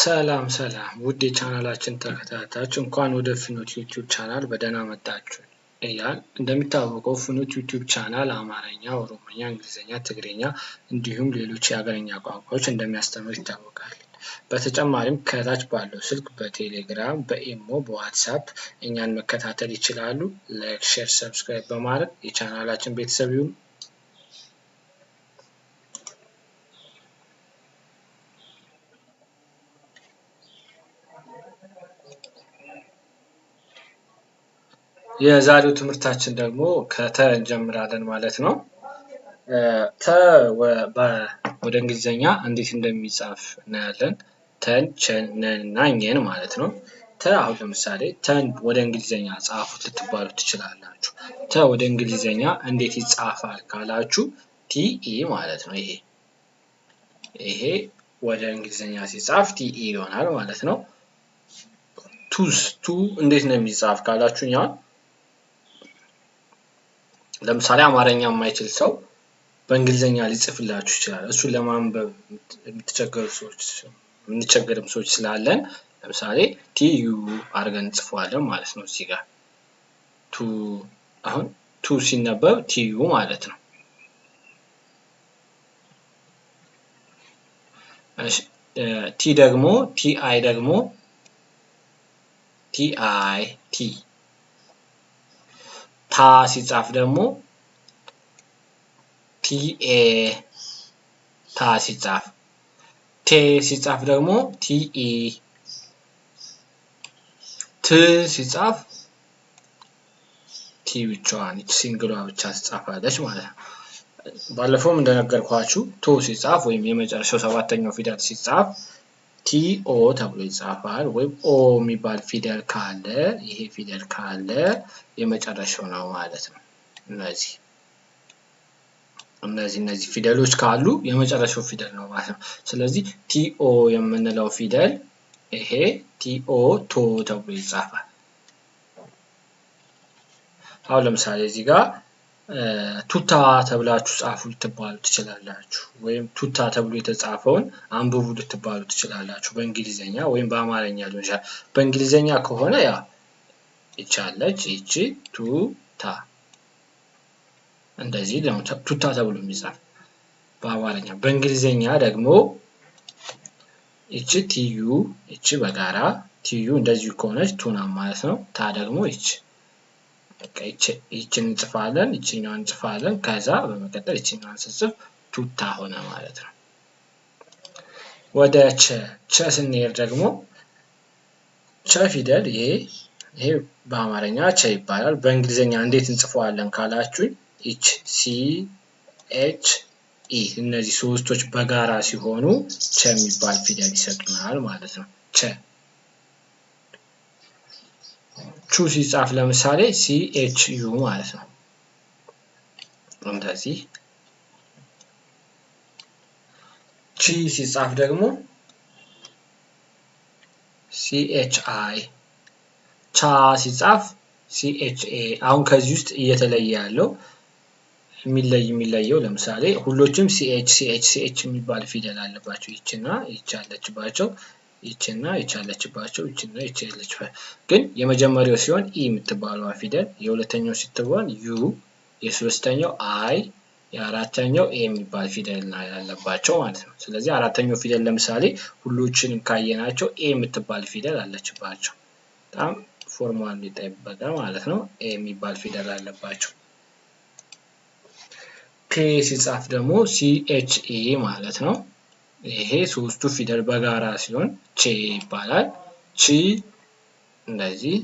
ሰላም ሰላም ውድ የቻናላችን ተከታታች እንኳን ወደ ፍኖት ዩቲዩብ ቻናል በደህና መጣችሁ እያል እንደሚታወቀው ፍኖት ዩቲዩብ ቻናል አማርኛ፣ ኦሮምኛ፣ እንግሊዝኛ፣ ትግርኛ እንዲሁም ሌሎች የሀገርኛ ቋንቋዎች እንደሚያስተምር ይታወቃል። በተጨማሪም ከታች ባለው ስልክ በቴሌግራም፣ በኢሞ፣ በዋትሳፕ እኛን መከታተል ይችላሉ። ላይክ፣ ሼር፣ ሰብስክራይብ በማድረግ የቻናላችን ቤተሰብ ይሁኑ። የዛሬው ትምህርታችን ደግሞ ከተ እንጀምራለን ማለት ነው። ተ ወደ እንግሊዝኛ እንዴት እንደሚጻፍ እናያለን። ተን ቸን ነን እና ኘን ማለት ነው። ተ አሁን ለምሳሌ ተን ወደ እንግሊዝኛ ጻፉት ልትባሉ ትችላላችሁ። ተ ወደ እንግሊዝኛ እንዴት ይጻፋል ካላችሁ ቲኢ ማለት ነው። ይሄ ይሄ ወደ እንግሊዝኛ ሲጻፍ ቲኢ ይሆናል ማለት ነው። ቱስ ቱ እንዴት ነው የሚጻፍ ካላችሁ ለምሳሌ አማርኛ የማይችል ሰው በእንግሊዝኛ ሊጽፍላችሁ ይችላል። እሱን ለማንበብ የምትቸገሩ ሰዎች የምንቸገርም ሰዎች ስላለን ለምሳሌ ቲዩ አድርገን እንጽፈዋለን ማለት ነው። እዚህ ጋር ቱ አሁን ቱ ሲነበብ ቲዩ ማለት ነው። ቲ ደግሞ ቲ አይ ደግሞ ቲ አይ ቲ ታ ሲጻፍ ደግሞ ቲኤ ታ ሲጻፍ ቴ ሲጻፍ ደግሞ ቲኢ ት ሲጻፍ ቲ ብቻዋን ሲንግሏ ብቻ ትጻፋለች ማለት ነው። ባለፈውም እንደነገርኳችሁ ቶ ሲጻፍ ወይም የመጨረሻው ሰባተኛው ፊደል ሲጻፍ ቲኦ ተብሎ ይጻፋል። ወይም ኦ የሚባል ፊደል ካለ ይሄ ፊደል ካለ የመጨረሻው ነው ማለት ነው። እነዚህ እነዚህ እነዚህ ፊደሎች ካሉ የመጨረሻው ፊደል ነው ማለት ነው። ስለዚህ ቲኦ የምንለው ፊደል ይሄ ቲኦ ቶ ተብሎ ይጻፋል። አሁን ለምሳሌ እዚህ ጋር ቱታ ተብላችሁ ጻፉ ልትባሉ ትችላላችሁ። ወይም ቱታ ተብሎ የተጻፈውን አንብቡ ልትባሉ ትችላላችሁ። በእንግሊዝኛ ወይም በአማርኛ ሊሆን ይችላል። በእንግሊዝኛ ከሆነ ያ ይቻለች ይቺ ቱታ እንደዚህ ቱታ ተብሎ የሚጻፍ በአማርኛ። በእንግሊዝኛ ደግሞ ይቺ ቲዩ ይቺ በጋራ ቲዩ እንደዚሁ ከሆነች ቱና ማለት ነው። ታ ደግሞ ይቺ ይችን እንጽፋለን ይችኛዋን እንጽፋለን ከዛ በመቀጠል ይችኛዋን ስጽፍ ቱታ ሆነ ማለት ነው። ወደ ቸ ቸ ስንሄድ ደግሞ ቸ ፊደል ይሄ ይሄ በአማርኛ ቸ ይባላል። በእንግሊዝኛ እንዴት እንጽፈዋለን ካላችሁኝ ኤች ሲ ኤች ኢ እነዚህ ሶስቶች በጋራ ሲሆኑ ቸ የሚባል ፊደል ይሰጡናል ማለት ነው። ቸ ቹ ሲጻፍ ለምሳሌ ሲኤች ዩ ማለት ነው። እንደዚህ ቺ ሲጻፍ ደግሞ ሲኤች አይ፣ ቻ ሲጻፍ ሲኤች ኤ። አሁን ከዚህ ውስጥ እየተለየ ያለው የሚለይ የሚለየው ለምሳሌ ሁሎችም ሲኤች ሲኤች ሲኤች የሚባል ፊደል አለባቸው። ይችና ይቻለችባቸው ይችና ይቻለችባቸው ይችና ይቻለች ግን የመጀመሪያው ሲሆን ኢ የምትባለዋ ፊደል የሁለተኛው ስትሆን ዩ የሶስተኛው አይ የአራተኛው ኤ የሚባል ፊደል ያለባቸው ማለት ነው። ስለዚህ አራተኛው ፊደል ለምሳሌ ሁሎችንም ካየናቸው ኤ የምትባል ፊደል አለችባቸው። በጣም ፎርማል እንዲጠበቀ ማለት ነው። ኤ የሚባል ፊደል አለባቸው። ፔ ሲጻፍ ደግሞ ሲኤችኢ ማለት ነው። ይሄ ሶስቱ ፊደል በጋራ ሲሆን ቺ ይባላል። ቺ እንደዚህ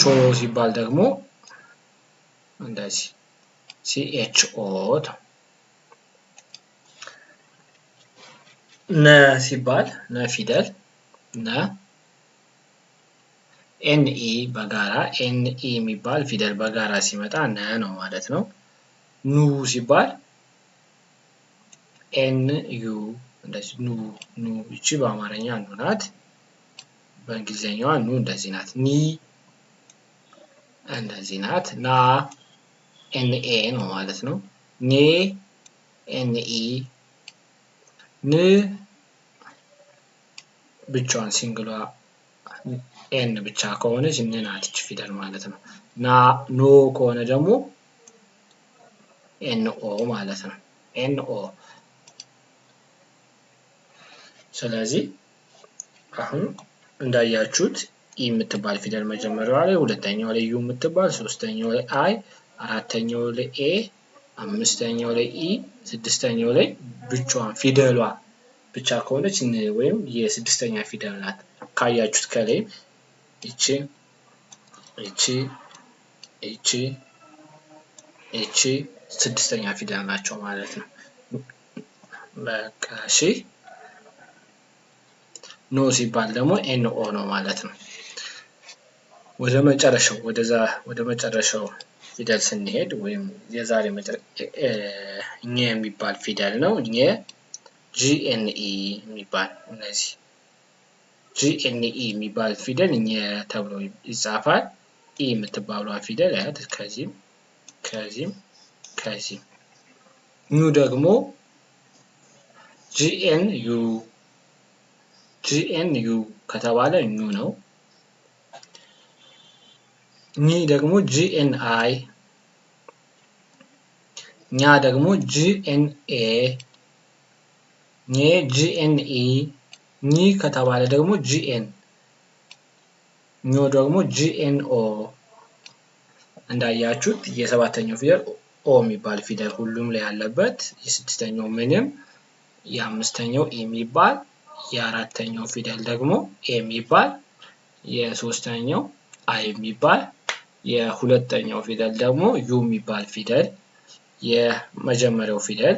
ቾ ሲባል ደግሞ እንደዚህ ሲኤች ኦ ነ ሲባል ነ ፊደል ነ ኤንኢ በጋራ ኤንኢ የሚባል ፊደል በጋራ ሲመጣ ነ ነው ማለት ነው። ኑ ሲባል ኤን ዩ እንደዚህ ኑ ኑ ይቺ በአማርኛ ኑ ናት። በእንግሊዝኛዋ ኑ እንደዚህ ናት። ኒ እንደዚህ ናት። ና ኤን ኤ ነው ማለት ነው። ኔ ኤን ኢ ን ብቻዋን ሲንግሏ ኤን ብቻ ከሆነች ን ናት ይቺ ፊደል ማለት ነው። ና ኖ ከሆነ ደግሞ ኤን ኦ ማለት ነው። ኤን ኦ ስለዚህ አሁን እንዳያችሁት ኢ የምትባል ፊደል መጀመሪያዋ ላይ፣ ሁለተኛው ላይ ዩ የምትባል፣ ሶስተኛው ላይ አይ፣ አራተኛው ላይ ኤ፣ አምስተኛው ላይ ኢ፣ ስድስተኛው ላይ ብቻዋን ፊደሏ ብቻ ከሆነች ወይም የስድስተኛ ፊደል ናት። ካያችሁት ከላይ እቺ እቺ እቺ እቺ ስድስተኛ ፊደል ናቸው ማለት ነው። በቃ እሺ። ኖ ሲባል ደግሞ ኤን ኦ ነው ማለት ነው። ወደ መጨረሻው ወደዛ ወደ መጨረሻው ፊደል ስንሄድ ወይም የዛሬ እኘ የሚባል ፊደል ነው። እኘ ጂኤንኢ የሚባል እነዚህ ጂኤንኢ የሚባል ፊደል እኘ ተብሎ ይጻፋል። ኢ የምትባሏ ፊደል ያት ከዚህም ከዚህም ከዚህም ኙ ደግሞ ጂኤን ዩ ጂኤንዩ ከተባለ ኙ ነው። ኒ ደግሞ አይ ኛ ደግሞ ጂኤንኤ፣ ኔ ጂኤንኢ፣ ኒ ከተባለ ደግሞ ጂኤን፣ ኞ ደግሞ ኦ እንዳያችሁት የሰባተኛው ፊደል ኦ የሚባል ፊደል ሁሉም ላይ ያለበት፣ የስድስተኛው ምንም፣ የአምስተኛው ኢ የሚባል የአራተኛው ፊደል ደግሞ ኤ የሚባል የሶስተኛው አይ የሚባል የሁለተኛው ፊደል ደግሞ ዩ የሚባል ፊደል የመጀመሪያው ፊደል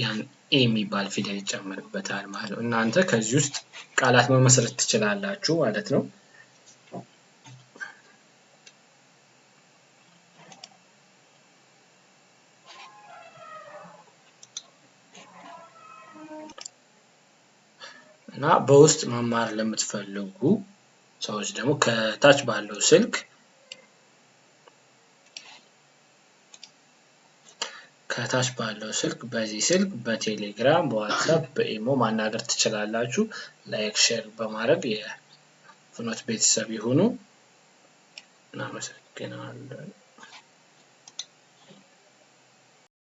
ያን ኤ የሚባል ፊደል ይጨመርበታል ማለት ነው። እናንተ ከዚህ ውስጥ ቃላት መመስረት ትችላላችሁ ማለት ነው። እና በውስጥ መማር ለምትፈልጉ ሰዎች ደግሞ ከታች ባለው ስልክ ከታች ባለው ስልክ በዚህ ስልክ በቴሌግራም በዋትሳፕ በኢሞ ማናገር ትችላላችሁ። ላይክ ሼር በማድረግ የፍኖት ቤተሰብ ይሁኑ። እናመሰግናለን።